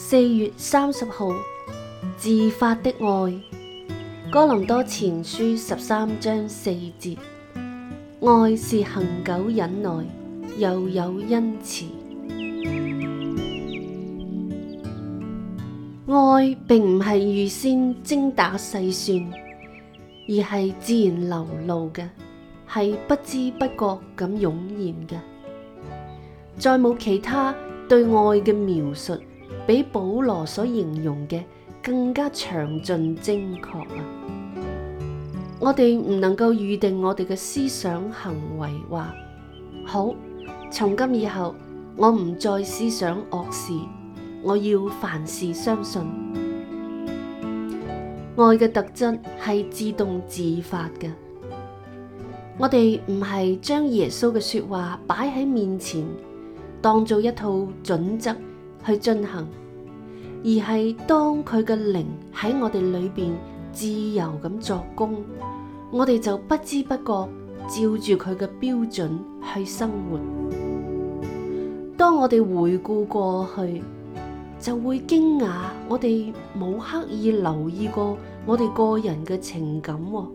四月三十號，自發的愛，哥林多前書十三章四節，愛是恆久忍耐，又有恩慈。愛並唔係預先精打細算，而係自然流露嘅，係不知不覺咁湧現嘅，再冇其他對愛嘅描述。比保羅所形容嘅更加詳盡精確啊！我哋唔能夠預定我哋嘅思想行為，話好，從今以後我唔再思想惡事，我要凡事相信愛嘅特質係自動自發嘅。我哋唔係將耶穌嘅說話擺喺面前，當做一套準則，去進行，而係當佢嘅靈喺我哋裏邊自由咁作工，我哋就不知不覺照住佢嘅標準去生活。當我哋回顧過去，就會驚訝我哋冇刻意留意過我哋個人嘅情感喎。哦，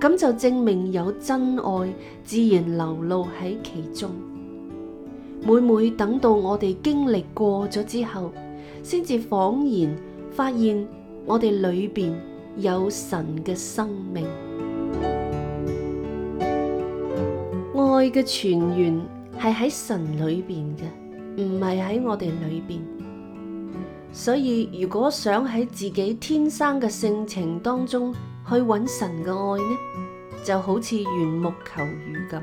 咁就證明有真愛自然流露喺其中。每每等到我哋經歷過咗之後，先至恍然發現我哋裏邊有神嘅生命，愛嘅泉源係喺神裏邊嘅，唔係喺我哋裏邊。所以如果想喺自己天生嘅性情當中去揾神嘅愛呢，就好似緣木求魚咁。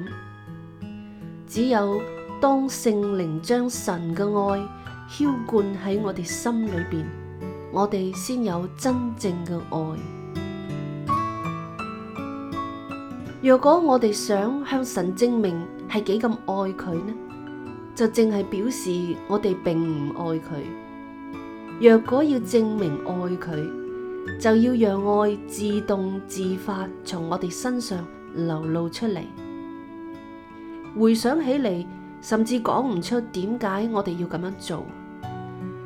只有當聖靈將神嘅愛澆灌喺我哋心裏邊，我哋先有真正嘅愛。若果我哋想向神證明係幾咁愛佢呢，就淨係表示我哋並唔愛佢。若果要證明愛佢，就要讓愛自動自發從我哋身上流露出嚟。回想起嚟。甚至講唔出點解我哋要咁樣做，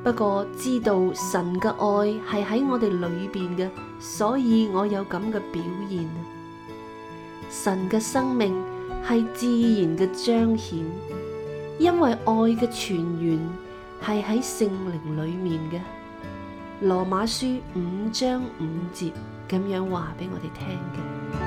不過知道神嘅愛係喺我哋裏邊嘅，所以我有咁嘅表現。神嘅生命係自然嘅彰顯，因為愛嘅泉源係喺聖靈裏面嘅，《羅馬書》五章五節咁樣話俾我哋聽嘅。